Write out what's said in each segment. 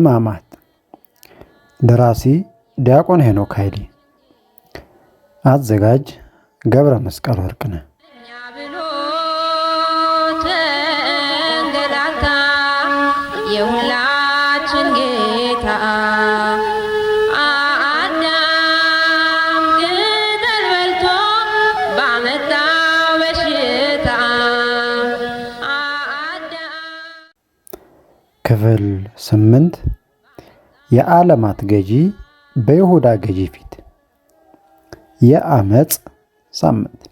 ሕማማት ደራሲ ዲያቆን ሄኖክ ኃይሌ አዘጋጅ ገብረ መስቀል ወርቅነህ ክፍል ስምንት የዓለማት ገዢ በይሁዳ ገዢ ፊት የአመፅ ሳምንት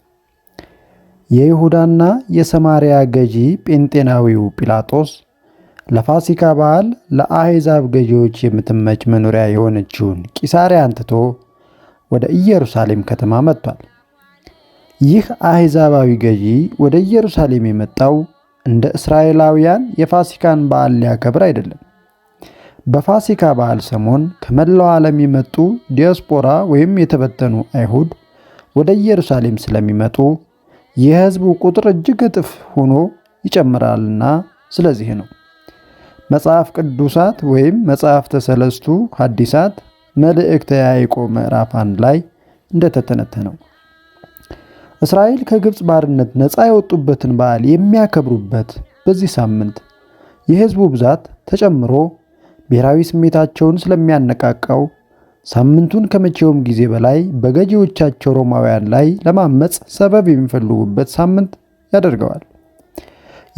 የይሁዳና የሰማርያ ገዢ ጴንጤናዊው ጲላጦስ ለፋሲካ በዓል ለአሕዛብ ገዢዎች የምትመች መኖሪያ የሆነችውን ቂሳርያን ትቶ ወደ ኢየሩሳሌም ከተማ መጥቷል። ይህ አሕዛባዊ ገዢ ወደ ኢየሩሳሌም የመጣው እንደ እስራኤላውያን የፋሲካን በዓል ሊያከብር አይደለም። በፋሲካ በዓል ሰሞን ከመላው ዓለም የመጡ ዲያስፖራ ወይም የተበተኑ አይሁድ ወደ ኢየሩሳሌም ስለሚመጡ የሕዝቡ ቁጥር እጅግ እጥፍ ሆኖ ይጨምራልና ስለዚህ ነው። መጽሐፍ ቅዱሳት ወይም መጽሐፍተ ሰለስቱ ሐዲሳት መልእክተ ያዕቆብ ምዕራፍ አንድ ላይ እንደተተነተነው እስራኤል ከግብፅ ባርነት ነፃ የወጡበትን በዓል የሚያከብሩበት በዚህ ሳምንት የህዝቡ ብዛት ተጨምሮ ብሔራዊ ስሜታቸውን ስለሚያነቃቃው ሳምንቱን ከመቼውም ጊዜ በላይ በገዢዎቻቸው ሮማውያን ላይ ለማመፅ ሰበብ የሚፈልጉበት ሳምንት ያደርገዋል።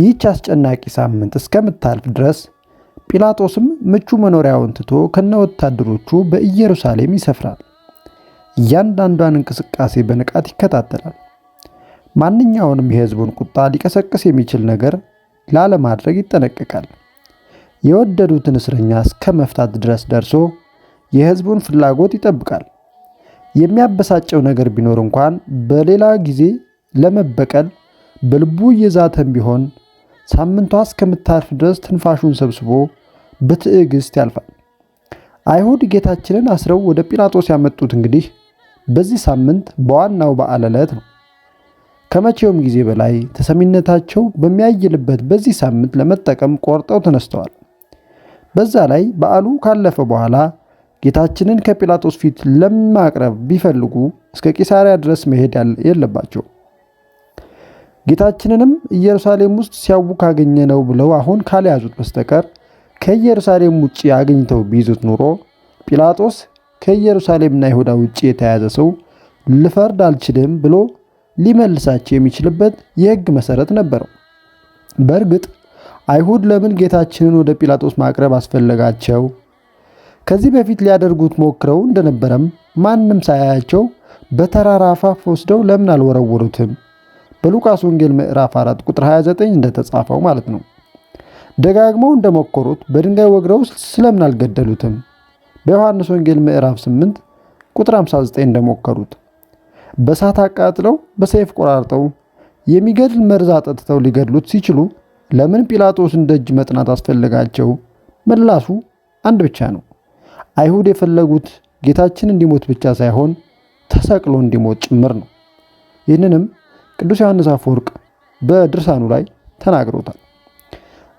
ይህች አስጨናቂ ሳምንት እስከምታልፍ ድረስ ጲላጦስም ምቹ መኖሪያውን ትቶ ከነ ወታደሮቹ በኢየሩሳሌም ይሰፍራል። እያንዳንዷን እንቅስቃሴ በንቃት ይከታተላል። ማንኛውንም የህዝቡን ቁጣ ሊቀሰቅስ የሚችል ነገር ላለማድረግ ይጠነቀቃል። የወደዱትን እስረኛ እስከ መፍታት ድረስ ደርሶ የህዝቡን ፍላጎት ይጠብቃል። የሚያበሳጨው ነገር ቢኖር እንኳን በሌላ ጊዜ ለመበቀል በልቡ እየዛተም ቢሆን ሳምንቷ እስከምታርፍ ድረስ ትንፋሹን ሰብስቦ በትዕግስት ያልፋል። አይሁድ ጌታችንን አስረው ወደ ጲላጦስ ያመጡት እንግዲህ በዚህ ሳምንት በዋናው በዓለ ዕለት ነው። ከመቼውም ጊዜ በላይ ተሰሚነታቸው በሚያይልበት በዚህ ሳምንት ለመጠቀም ቆርጠው ተነስተዋል። በዛ ላይ በዓሉ ካለፈ በኋላ ጌታችንን ከጲላጦስ ፊት ለማቅረብ ቢፈልጉ እስከ ቂሳሪያ ድረስ መሄድ የለባቸው። ጌታችንንም ኢየሩሳሌም ውስጥ ካገኘ ነው ብለው አሁን ካልያዙት በስተቀር ከኢየሩሳሌም ውጭ አግኝተው ቢይዙት ኑሮ ጲላጦስ ከኢየሩሳሌምና ይሁዳ ውጭ የተያዘ ሰው ልፈርድ አልችልም ብሎ ሊመልሳቸው የሚችልበት የህግ መሰረት ነበረው። በእርግጥ አይሁድ ለምን ጌታችንን ወደ ጲላጦስ ማቅረብ አስፈለጋቸው? ከዚህ በፊት ሊያደርጉት ሞክረው እንደነበረም ማንም ሳያያቸው በተራራ አፋፍ ወስደው ለምን አልወረወሩትም? በሉቃስ ወንጌል ምዕራፍ 4 ቁጥር 29 እንደተጻፈው ማለት ነው። ደጋግመው እንደሞከሩት በድንጋይ ወግረው ስለምን አልገደሉትም? በዮሐንስ ወንጌል ምዕራፍ 8 ቁጥር 59 እንደሞከሩት በእሳት አቃጥለው በሰይፍ ቆራርጠው የሚገድል መርዝ አጠጥተው ሊገድሉት ሲችሉ ለምን ጲላጦስን ደጅ መጥናት አስፈለጋቸው? መላሱ አንድ ብቻ ነው። አይሁድ የፈለጉት ጌታችን እንዲሞት ብቻ ሳይሆን ተሰቅሎ እንዲሞት ጭምር ነው። ይህንንም ቅዱስ ዮሐንስ አፈወርቅ በድርሳኑ ላይ ተናግሮታል።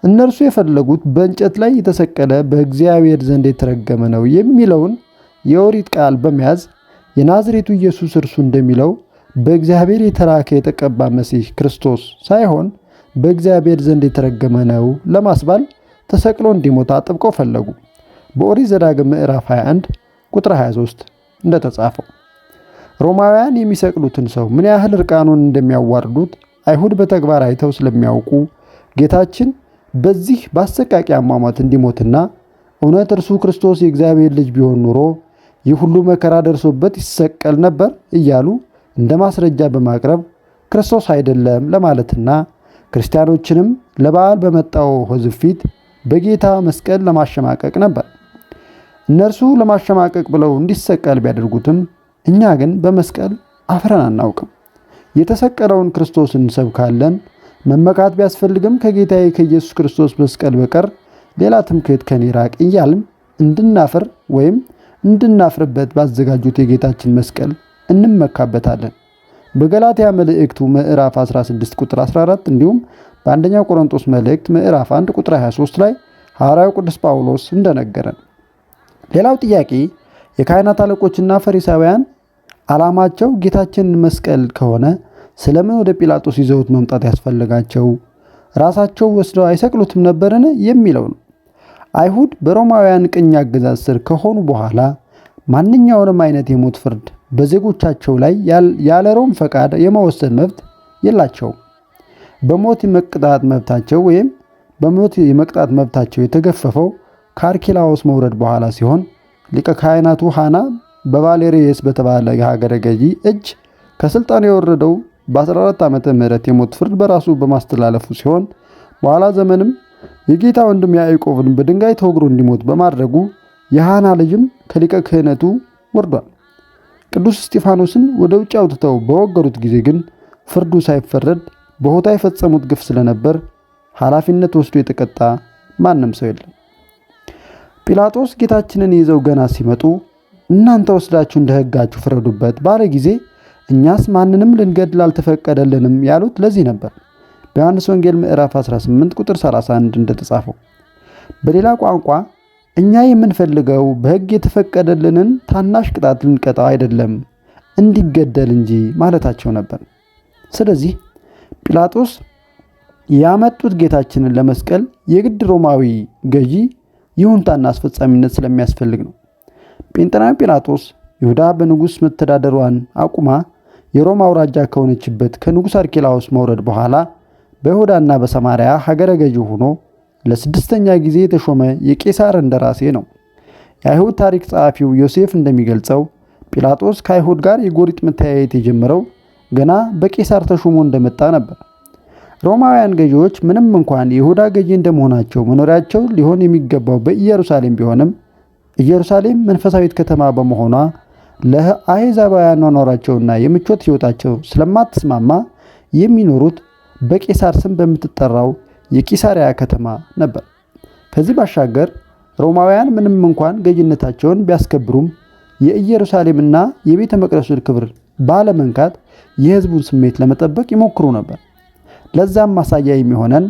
እነርሱ የፈለጉት በእንጨት ላይ የተሰቀለ በእግዚአብሔር ዘንድ የተረገመ ነው የሚለውን የኦሪት ቃል በመያዝ የናዝሬቱ ኢየሱስ እርሱ እንደሚለው በእግዚአብሔር የተላከ የተቀባ መሲህ ክርስቶስ ሳይሆን በእግዚአብሔር ዘንድ የተረገመ ነው ለማስባል ተሰቅሎ እንዲሞት አጥብቀው ፈለጉ። በኦሪት ዘዳግም ምዕራፍ 21 ቁጥር 23 እንደተጻፈው ሮማውያን የሚሰቅሉትን ሰው ምን ያህል እርቃኑን እንደሚያዋርዱት አይሁድ በተግባር አይተው ስለሚያውቁ ጌታችን በዚህ በአሰቃቂ አሟሟት እንዲሞትና እውነት እርሱ ክርስቶስ የእግዚአብሔር ልጅ ቢሆን ኑሮ ይህ ሁሉ መከራ ደርሶበት ይሰቀል ነበር እያሉ እንደ ማስረጃ በማቅረብ ክርስቶስ አይደለም ለማለትና ክርስቲያኖችንም ለበዓል በመጣው ሕዝብ ፊት በጌታ መስቀል ለማሸማቀቅ ነበር። እነርሱ ለማሸማቀቅ ብለው እንዲሰቀል ቢያደርጉትም እኛ ግን በመስቀል አፍረን አናውቅም። የተሰቀለውን ክርስቶስ እንሰብካለን። መመካት ቢያስፈልግም ከጌታዬ ከኢየሱስ ክርስቶስ መስቀል በቀር ሌላ ትምክህት ከኔ ራቅ እያልም እንድናፍር ወይም እንድናፍርበት ባዘጋጁት የጌታችን መስቀል እንመካበታለን። በገላትያ መልእክቱ ምዕራፍ 16 ቁጥር 14 እንዲሁም በአንደኛው ቆሮንጦስ መልእክት ምዕራፍ 1 ቁጥር 23 ላይ ሐዋርያው ቅዱስ ጳውሎስ እንደነገረን። ሌላው ጥያቄ የካህናት አለቆችና ፈሪሳውያን ዓላማቸው ጌታችንን መስቀል ከሆነ ስለምን ወደ ጲላጦስ ይዘውት መምጣት ያስፈለጋቸው? ራሳቸው ወስደው አይሰቅሉትም ነበርን? የሚለው ነው። አይሁድ በሮማውያን ቅኝ አገዛዝ ስር ከሆኑ በኋላ ማንኛውንም አይነት የሞት ፍርድ በዜጎቻቸው ላይ ያለ ሮም ፈቃድ የመወሰን መብት የላቸውም። በሞት የመቅጣት መብታቸው ወይም በሞት የመቅጣት መብታቸው የተገፈፈው ከአርኪላዎስ መውረድ በኋላ ሲሆን ሊቀ ካህናቱ ሃና በቫሌሪየስ በተባለ የሀገረ ገዢ እጅ ከስልጣን የወረደው በ14 ዓመተ ምህረት የሞት ፍርድ በራሱ በማስተላለፉ ሲሆን በኋላ ዘመንም የጌታ ወንድም ያዕቆብን በድንጋይ ተወግሮ እንዲሞት በማድረጉ የሐና ልጅም ከሊቀ ክህነቱ ወርዷል። ቅዱስ እስጢፋኖስን ወደ ውጭ አውጥተው በወገሩት ጊዜ ግን ፍርዱ ሳይፈረድ በሆታ የፈጸሙት ግፍ ስለነበር ኃላፊነት ወስዶ የተቀጣ ማንም ሰው የለም። ጲላጦስ ጌታችንን ይዘው ገና ሲመጡ እናንተ ወስዳችሁ እንደ ሕጋችሁ ፍረዱበት ባለ ጊዜ እኛስ ማንንም ልንገድል አልተፈቀደልንም ያሉት ለዚህ ነበር። በዮሐንስ ወንጌል ምዕራፍ 18 ቁጥር 31 እንደተጻፈው በሌላ ቋንቋ እኛ የምንፈልገው በሕግ የተፈቀደልንን ታናሽ ቅጣት ልንቀጣ አይደለም እንዲገደል እንጂ ማለታቸው ነበር። ስለዚህ ጲላጦስ ያመጡት ጌታችንን ለመስቀል የግድ ሮማዊ ገዢ ይሁንታና አስፈጻሚነት ስለሚያስፈልግ ነው። ጴንጤናዊ ጲላጦስ ይሁዳ በንጉሥ መተዳደሯን አቁማ የሮማ አውራጃ ከሆነችበት ከንጉሥ አርኬላዎስ መውረድ በኋላ በይሁዳና በሰማርያ ሀገረ ገዢ ሆኖ ለስድስተኛ ጊዜ የተሾመ የቄሳር እንደራሴ ነው። የአይሁድ ታሪክ ጸሐፊው ዮሴፍ እንደሚገልጸው ጲላጦስ ከአይሁድ ጋር የጎሪጥ መተያየት የጀመረው ገና በቄሳር ተሾሞ እንደመጣ ነበር። ሮማውያን ገዢዎች ምንም እንኳን የይሁዳ ገዢ እንደመሆናቸው መኖሪያቸው ሊሆን የሚገባው በኢየሩሳሌም ቢሆንም ኢየሩሳሌም መንፈሳዊት ከተማ በመሆኗ ለአሕዛባውያን ኗኗራቸውና የምቾት ሕይወታቸው ስለማትስማማ የሚኖሩት በቄሳር ስም በምትጠራው የቂሳሪያ ከተማ ነበር። ከዚህ ባሻገር ሮማውያን ምንም እንኳን ገዥነታቸውን ቢያስከብሩም የኢየሩሳሌምና የቤተ መቅደሱን ክብር ባለመንካት የሕዝቡን ስሜት ለመጠበቅ ይሞክሩ ነበር። ለዛም ማሳያ የሚሆነን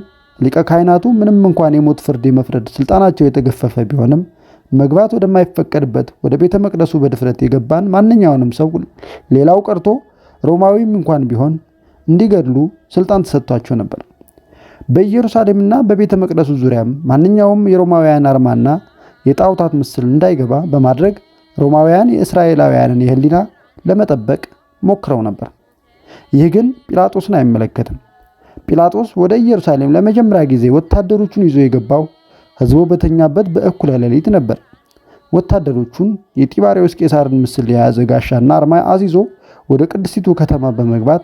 ሊቀ ካህናቱ ምንም እንኳን የሞት ፍርድ የመፍረድ ስልጣናቸው የተገፈፈ ቢሆንም መግባት ወደማይፈቀድበት ወደ ቤተ መቅደሱ በድፍረት የገባን ማንኛውንም ሰው ሌላው ቀርቶ ሮማዊም እንኳን ቢሆን እንዲገድሉ ስልጣን ተሰጥቷቸው ነበር። በኢየሩሳሌምና በቤተ መቅደሱ ዙሪያም ማንኛውም የሮማውያን አርማና የጣዖታት ምስል እንዳይገባ በማድረግ ሮማውያን የእስራኤላውያንን የሕሊና ለመጠበቅ ሞክረው ነበር። ይህ ግን ጲላጦስን አይመለከትም። ጲላጦስ ወደ ኢየሩሳሌም ለመጀመሪያ ጊዜ ወታደሮቹን ይዞ የገባው ሕዝቡ በተኛበት በእኩለ ሌሊት ነበር። ወታደሮቹን የጢባሪዎስ ቄሳርን ምስል የያዘ ጋሻና አርማ አዚዞ ወደ ቅድስቲቱ ከተማ በመግባት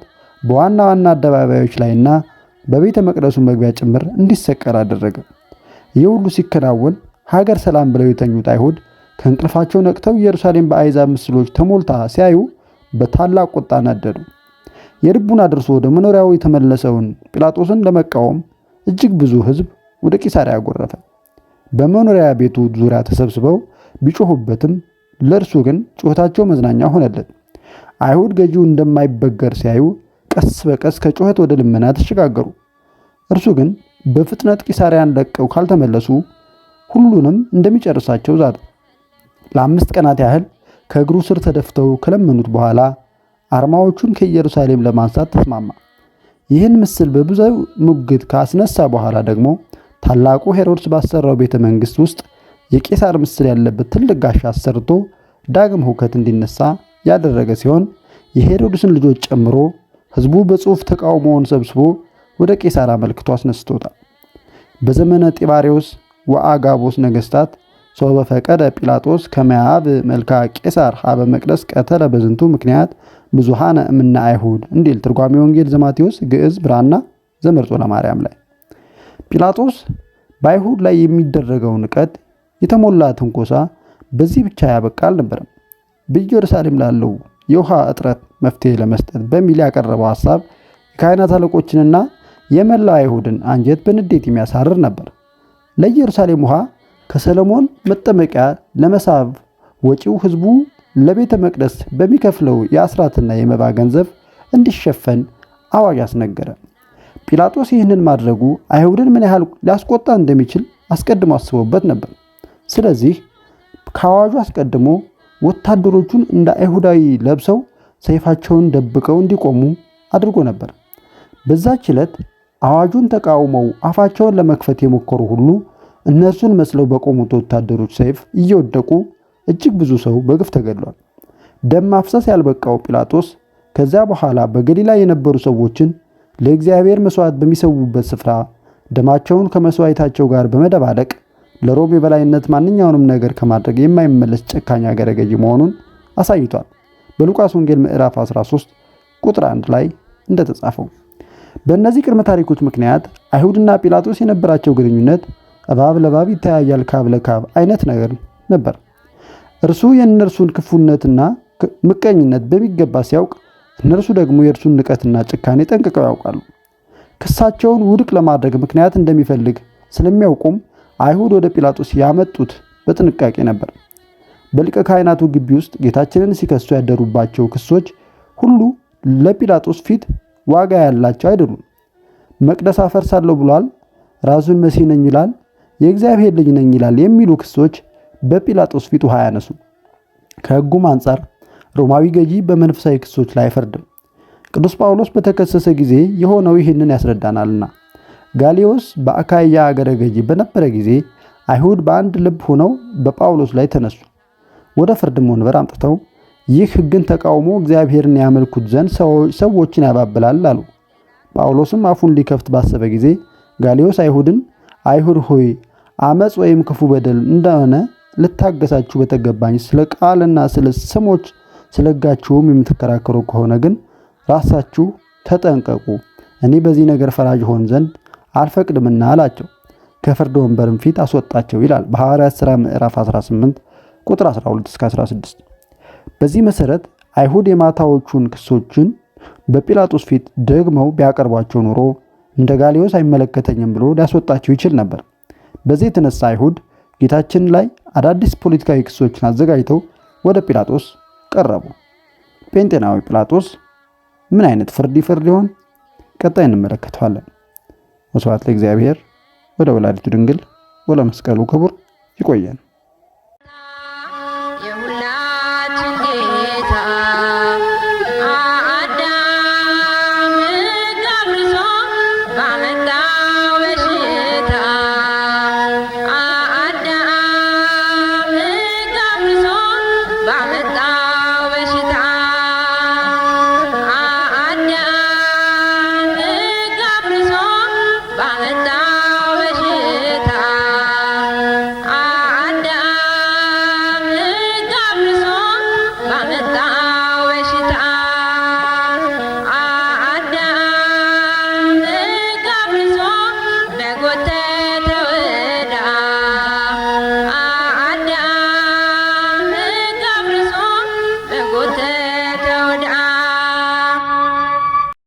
በዋና ዋና አደባባዮች ላይና በቤተ መቅደሱ መግቢያ ጭምር እንዲሰቀል አደረገ። ይህ ሁሉ ሲከናወን ሀገር ሰላም ብለው የተኙት አይሁድ ከእንቅልፋቸው ነቅተው ኢየሩሳሌም በአሕዛብ ምስሎች ተሞልታ ሲያዩ በታላቅ ቁጣ ነደዱ። የልቡን አድርሶ ወደ መኖሪያው የተመለሰውን ጲላጦስን ለመቃወም እጅግ ብዙ ሕዝብ ወደ ቂሳሪያ ጎረፈ። በመኖሪያ ቤቱ ዙሪያ ተሰብስበው ቢጮሁበትም ለእርሱ ግን ጩኸታቸው መዝናኛ ሆነለት። አይሁድ ገዢው እንደማይበገር ሲያዩ ቀስ በቀስ ከጩኸት ወደ ልመና ተሸጋገሩ። እርሱ ግን በፍጥነት ቂሳሪያን ለቀው ካልተመለሱ ሁሉንም እንደሚጨርሳቸው ዛተ። ለአምስት ቀናት ያህል ከእግሩ ስር ተደፍተው ከለመኑት በኋላ አርማዎቹን ከኢየሩሳሌም ለማንሳት ተስማማ። ይህን ምስል በብዙ ሙግት ካስነሳ በኋላ ደግሞ ታላቁ ሄሮድስ ባሰራው ቤተ መንግሥት ውስጥ የቄሳር ምስል ያለበት ትልቅ ጋሻ አሰርቶ ዳግም ሁከት እንዲነሳ ያደረገ ሲሆን የሄሮድስን ልጆች ጨምሮ ህዝቡ በጽሑፍ ተቃውሞውን ሰብስቦ ወደ ቄሳር አመልክቶ አስነስቶታል። በዘመነ ጢባሪዎስ ወአጋቦስ ነገስታት ሰው በፈቀደ ጲላጦስ ከመያብ መልካ ቄሳር ሀበ መቅደስ ቀተለ በዝንቱ ምክንያት ብዙሃነ እምነ አይሁድ እንዲል ትርጓሜ ወንጌል ዘማቴዎስ ግዕዝ ብራና ዘመርጦ ለማርያም ላይ ጲላጦስ በአይሁድ ላይ የሚደረገው ንቀት የተሞላ ትንኮሳ በዚህ ብቻ ያበቃ አልነበረም። በኢየሩሳሌም ላለው የውሃ እጥረት መፍትሄ ለመስጠት በሚል ያቀረበው ሀሳብ የካህናት አለቆችንና የመላው አይሁድን አንጀት በንዴት የሚያሳርር ነበር። ለኢየሩሳሌም ውሃ ከሰለሞን መጠመቂያ ለመሳብ ወጪው ሕዝቡ ለቤተ መቅደስ በሚከፍለው የአስራትና የመባ ገንዘብ እንዲሸፈን አዋጅ አስነገረ። ጲላጦስ ይህንን ማድረጉ አይሁድን ምን ያህል ሊያስቆጣ እንደሚችል አስቀድሞ አስቦበት ነበር። ስለዚህ ከአዋጁ አስቀድሞ ወታደሮቹን እንደ አይሁዳዊ ለብሰው ሰይፋቸውን ደብቀው እንዲቆሙ አድርጎ ነበር። በዛች ዕለት አዋጁን ተቃውመው አፋቸውን ለመክፈት የሞከሩ ሁሉ እነርሱን መስለው በቆሙት ወታደሮች ሰይፍ እየወደቁ እጅግ ብዙ ሰው በግፍ ተገድሏል። ደም ማፍሰስ ያልበቃው ጲላጦስ ከዚያ በኋላ በገሊላ የነበሩ ሰዎችን ለእግዚአብሔር መሥዋዕት በሚሰዉበት ስፍራ ደማቸውን ከመሥዋዕታቸው ጋር በመደባለቅ ለሮም የበላይነት ማንኛውንም ነገር ከማድረግ የማይመለስ ጨካኝ አገረ ገዢ መሆኑን አሳይቷል። በሉቃስ ወንጌል ምዕራፍ 13 ቁጥር 1 ላይ እንደተጻፈው በእነዚህ ቅድመ ታሪኮች ምክንያት አይሁድና ጲላጦስ የነበራቸው ግንኙነት እባብ ለባብ ይተያያል ካብ ለካብ አይነት ነገር ነበር። እርሱ የእነርሱን ክፉነትና ምቀኝነት በሚገባ ሲያውቅ፣ እነርሱ ደግሞ የእርሱን ንቀትና ጭካኔ ጠንቅቀው ያውቃሉ። ክሳቸውን ውድቅ ለማድረግ ምክንያት እንደሚፈልግ ስለሚያውቁም አይሁድ ወደ ጲላጦስ ያመጡት በጥንቃቄ ነበር። በሊቀ ካህናቱ ግቢ ውስጥ ጌታችንን ሲከሱ ያደሩባቸው ክሶች ሁሉ ለጲላጦስ ፊት ዋጋ ያላቸው አይደሉም። መቅደስ አፈርሳለሁ ብሏል፣ ራሱን መሲህ ነኝ ይላል፣ የእግዚአብሔር ልጅ ነኝ ይላል የሚሉ ክሶች በጲላጦስ ፊት ውሃ ያነሱ። ከሕጉም አንጻር ሮማዊ ገዢ በመንፈሳዊ ክሶች ላይ አይፈርድም። ቅዱስ ጳውሎስ በተከሰሰ ጊዜ የሆነው ይህንን ያስረዳናልና ጋሊዮስ በአካያ አገረ ገዢ በነበረ ጊዜ አይሁድ በአንድ ልብ ሆነው በጳውሎስ ላይ ተነሱ። ወደ ፍርድም ወንበር አምጥተው ይህ ሕግን ተቃውሞ እግዚአብሔርን ያመልኩት ዘንድ ሰዎችን ያባብላል አሉ። ጳውሎስም አፉን ሊከፍት ባሰበ ጊዜ ጋሊዮስ አይሁድን አይሁድ ሆይ አመፅ ወይም ክፉ በደል እንደሆነ ልታገሳችሁ በተገባኝ ስለ ቃልና ስለ ስሞች ስለ ሕጋችሁም የምትከራከሩ ከሆነ ግን ራሳችሁ ተጠንቀቁ። እኔ በዚህ ነገር ፈራጅ ሆን ዘንድ አልፈቅድምና አላቸው። ከፍርድ ወንበርም ፊት አስወጣቸው ይላል በሐዋርያት ሥራ ምዕራፍ 18 ቁጥር 12 እስከ 16። በዚህ መሠረት አይሁድ የማታዎቹን ክሶችን በጲላጦስ ፊት ደግመው ቢያቀርቧቸው ኑሮ እንደ ጋሊዮስ አይመለከተኝም ብሎ ሊያስወጣቸው ይችል ነበር። በዚህ የተነሳ አይሁድ ጌታችን ላይ አዳዲስ ፖለቲካዊ ክሶችን አዘጋጅተው ወደ ጲላጦስ ቀረቡ። ጴንጤናዊ ጲላጦስ ምን አይነት ፍርድ ይፈርድ ይሆን? ቀጣይ እንመለከተዋለን። መስዋዕት ለእግዚአብሔር ወደ ወላዲቱ ድንግል ወለመስቀሉ ክቡር። ይቆየን።